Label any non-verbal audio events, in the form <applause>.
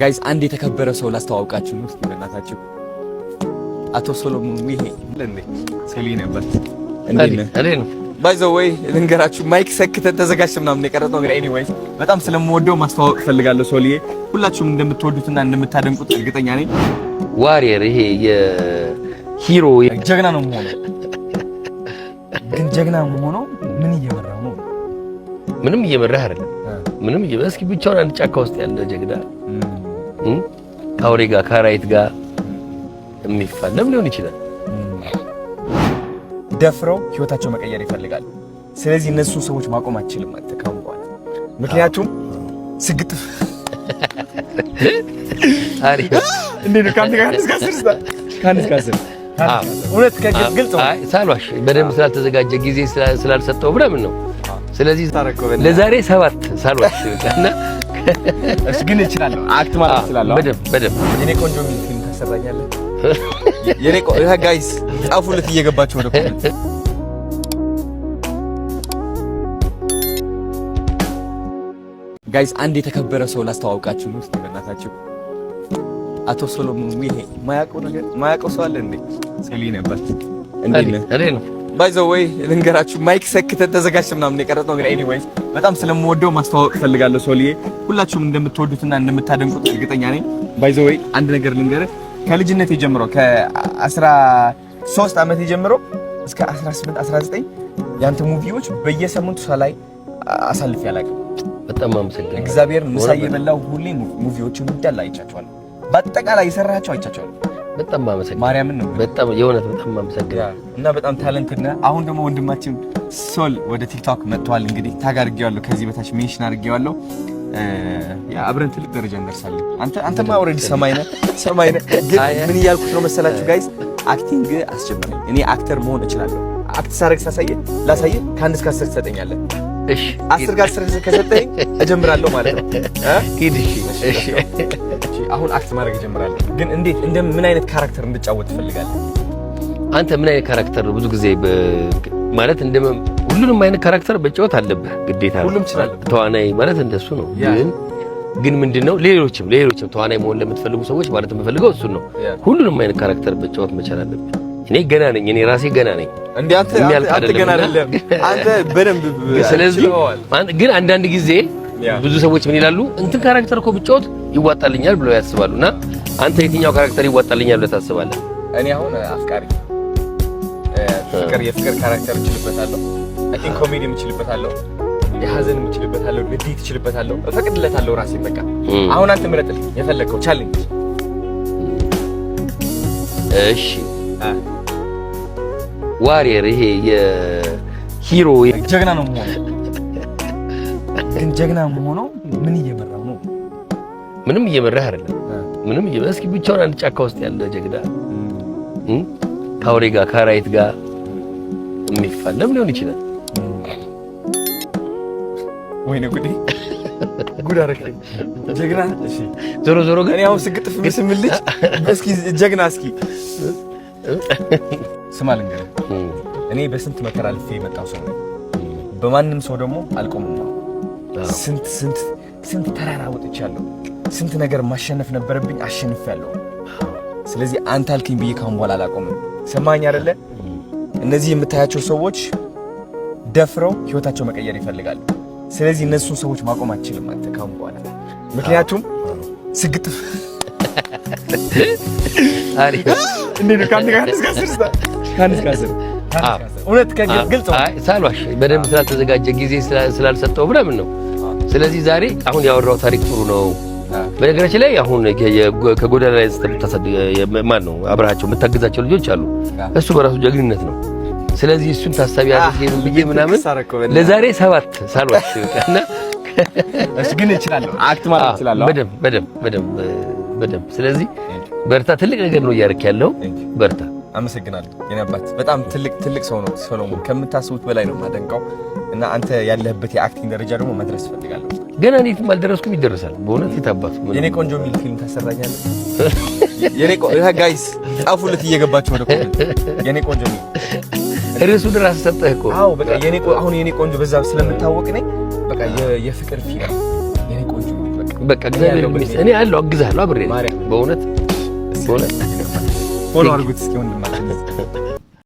ጋይስ አንድ የተከበረ ሰው ላስተዋውቃችሁ ነው። እስቲ አቶ ሶሎሞን ይሄ ባይ ዘ ወይ ልንገራችሁ፣ ማይክ ሰክተን ተዘጋጅተን ምናምን የቀረጠው እንግዲህ ኤኒዌይስ በጣም ስለምወደው ማስተዋወቅ ፈልጋለሁ። ሶሊዬ ሁላችሁም እንደምትወዱትና እንደምታደንቁት እርግጠኛ ነኝ። ዋሪየር ይሄ የሂሮ ጀግና ነው የምሆነው። ግን ጀግና የምሆነው ምን እየመራው ነው? ምንም እየመራህ አይደለም። ምንም እስኪ ብቻውን አንድ ጫካ ውስጥ ያለ ጀግና ከአውሬ ጋር ከአራዊት ጋር የሚፋለም ሊሆን ይችላል። ደፍረው ህይወታቸው መቀየር ይፈልጋሉ። ስለዚህ እነሱን ሰዎች ማቆም አችልም አትካውም በኋላ ምክንያቱም ስግጥ አሪፍ እንዴ ነው ካንተ ጋር ሳልዋሽ በደንብ ስላልተዘጋጀ ጊዜ ስላልሰጠው ምናምን ነው። ስለዚህ ለዛሬ ሰባት ሳልዋሽ እና እሺ፣ ግን እችላለሁ። አክት ማለት እችላለሁ። በደምብ በደምብ። የኔ ቆንጆ የሚል ፊልም ታሰራኛለህ። <laughs> የኔ ቆንጆ ጋይስ ጻፉልት እየገባችሁ ወደ ኮሜንት ጋይስ አንድ የተከበረ ሰው ላስተዋውቃችሁ ነው። እስቲ በእናታችሁ አቶ ሶሎሞን ይሄ ማያውቀው ነገር ማያውቀው ሰው አለ እንዴ? ሰሊ ነበር እንዴ? እኔ ነው ባይ ዘ ወይ ልንገራችሁ፣ ማይክ ሰክተን ተዘጋጅተን ምናምን የቀረጥነው ግን ኤኒዌይስ በጣም ስለምወደው ማስተዋወቅ እፈልጋለሁ። ሶልዬ ሁላችሁም እንደምትወዱትና እንደምታደንቁት እርግጠኛ ነኝ። ባይ ዘ ወይ አንድ ነገር ልንገርህ፣ ከልጅነት የጀምሮ ከ13 ዓመት የጀምሮ እስከ 18 19 ያንተ ሙቪዎች በየሰምንቱ ሳላይ አሳልፌ አላውቅም። በጣም አመሰግናለሁ። እግዚአብሔር ምሳ እየበላሁ ሁሌ ሙቪዎችን እንዳለ አይቻቸዋለሁ። በአጠቃላይ የሰራቸው አይቻቸዋለሁ። በጣም ማመሰግን ማርያምን ነው በጣም የእውነት በጣም ማመሰግን እና በጣም ታለንትድ ነህ። አሁን ደግሞ ወንድማችን ሶል ወደ ቲክቶክ መጥተዋል። እንግዲህ ታግ አድርጌዋለሁ፣ ከዚህ በታች ሜንሽን አድርጌዋለሁ። አብረን ትልቅ ደረጃ እንደርሳለን። አንተማ ኦልሬዲ ሰማይ ነህ ሰማይ ነህ። ግን ምን እያልኩት ነው መሰላችሁ ጋይስ፣ አክቲንግ አስጀምረኝ። እኔ አክተር መሆን እችላለሁ። አክት ሳረግ ሳሳየ ላሳየ ከአንድ እስከ አስር ትሰጠኛለህ እሺ፣ አስር ጋር ከሰጠኝ እጀምራለሁ ማለት ነው። ሂድ። እሺ፣ አሁን አክት ማድረግ እጀምራለሁ። ግን እንዴት እንደ ምን አይነት ካራክተር እንድጫወት ትፈልጋለህ አንተ? ምን አይነት ካራክተር ነው? ብዙ ጊዜ ማለት እንደ ሁሉንም አይነት ካራክተር መጫወት አለብህ ግዴታ ይችላል ተዋናይ ማለት እንደሱ ነው። ግን ግን ምንድነው ሌሎችም ሌሎችም ተዋናይ መሆን ለምትፈልጉ ሰዎች ማለት የምፈልገው እሱን ነው። ሁሉንም አይነት ካራክተር መጫወት መቻል አለብህ። እኔ ገና ነኝ። እኔ ራሴ ገና ነኝ። እንዴ አንተ አንተ ገና አይደለም አንተ በደንብ ስለዚህ ግን አንዳንድ ጊዜ ብዙ ሰዎች ምን ይላሉ? እንትን ካራክተር እኮ ብጫወት ይዋጣልኛል ብለው ያስባሉ። እና አንተ የትኛው ካራክተር ይዋጣልኛል ብለህ ታስባለህ? እኔ አሁን አፍቃሪ ፍቅር፣ የፍቅር ካራክተር እችልበታለሁ። አይ ቲንክ ኮሜዲ እችልበታለሁ፣ የሀዘን እችልበታለሁ፣ ንዴት እችልበታለሁ፣ እፈቅድለታለሁ ራሴን። በቃ። አሁን አንተ ምረጥልኝ የፈለከው ቻሌንጅ። እሺ ዋሪየር ይሄ የሂሮ ጀግና ነው የምሆነው። ግን ጀግና የምሆነው ምን እየመራው ነው? ምንም እየመራህ አይደለም። ምንም እስኪ ብቻውን አንድ ጫካ ውስጥ ያለ ጀግና ከአውሬ ጋር ከአራዊት ጋር የሚፋለም ሊሆን ይችላል። ወይኔ ጉዴ ጉድ አደረግኸኝ። ጀግና ዞሮ ዞሮ ግን ያው ስግጥፍ ስምልጅ እስኪ ጀግና እስኪ ስማ ልንገርህ፣ እኔ በስንት መከራ አልፌ የመጣው ሰው ነኝ። በማንም ሰው ደግሞ አልቆምም። ስንት ስንት ስንት ተራራ ወጥቻለሁ። ስንት ነገር ማሸነፍ ነበረብኝ፣ አሸንፌያለሁ። ስለዚህ አንተ አልከኝ ብዬ ካሁን በኋላ አላቆምም። ሰማኝ አይደለ? እነዚህ የምታያቸው ሰዎች ደፍረው ህይወታቸው መቀየር ይፈልጋሉ። ስለዚህ እነሱን ሰዎች ማቆም አትችልም አንተ ካሁን በኋላ ምክንያቱም ስግጥ እንዴት ነው ከአንድ ከአንድ እውነት ግልጽ ሳልዋሽ በደንብ ስላልተዘጋጀ ጊዜ ስላልሰጠው ምናምን ነው። ስለዚህ ዛሬ አሁን ያወራው ታሪክ ጥሩ ነው። በነገራችን ላይ አሁን ከጎዳና ላይ ማን ነው አብረሃቸው የምታግዛቸው ልጆች አሉ። እሱ በራሱ ጀግንነት ነው። ስለዚህ እሱን ታሳቢ አድርጌ ብዬ ምናምን ለዛሬ ሰባት ሳልዋሽ ግን እችላለሁ አክት ማለት እችላለሁ በደንብ በደንብ በደንብ በደንብ ስለዚህ በርታ። ትልቅ ነገር ነው እያደረክ ያለው። በርታ። አመሰግናለሁ። የኔ አባት በጣም ትልቅ ትልቅ ሰው ነው ሰሎሞን፣ ከምታስቡት በላይ ነው የማደንቀው። እና አንተ ያለህበት የአክቲንግ ደረጃ ደግሞ መድረስ እፈልጋለሁ። ገና እኔትም አልደረስኩም፣ ይደረሳል። በእውነት የታባት የኔ ቆንጆ የሚል ፊልም ታሰራኛለህ። የኔ ቆንጆ ጋይስ ጻፉለት እየገባችሁ ወደ የኔ ቆንጆ የሚል ርዕሱን ድራስ ሰጠህ እኮ። አዎ በቃ የኔ ቆንጆ አሁን የኔ ቆንጆ በዛ ስለምታወቅ ነኝ። በቃ የፍቅር ፊልም የኔ ቆንጆ በቃ እግዚአብሔር ይመስገን። እኔ አለሁ፣ አግዝሃለሁ፣ አብሬ በእውነት それ。俺悪口好き読んでます。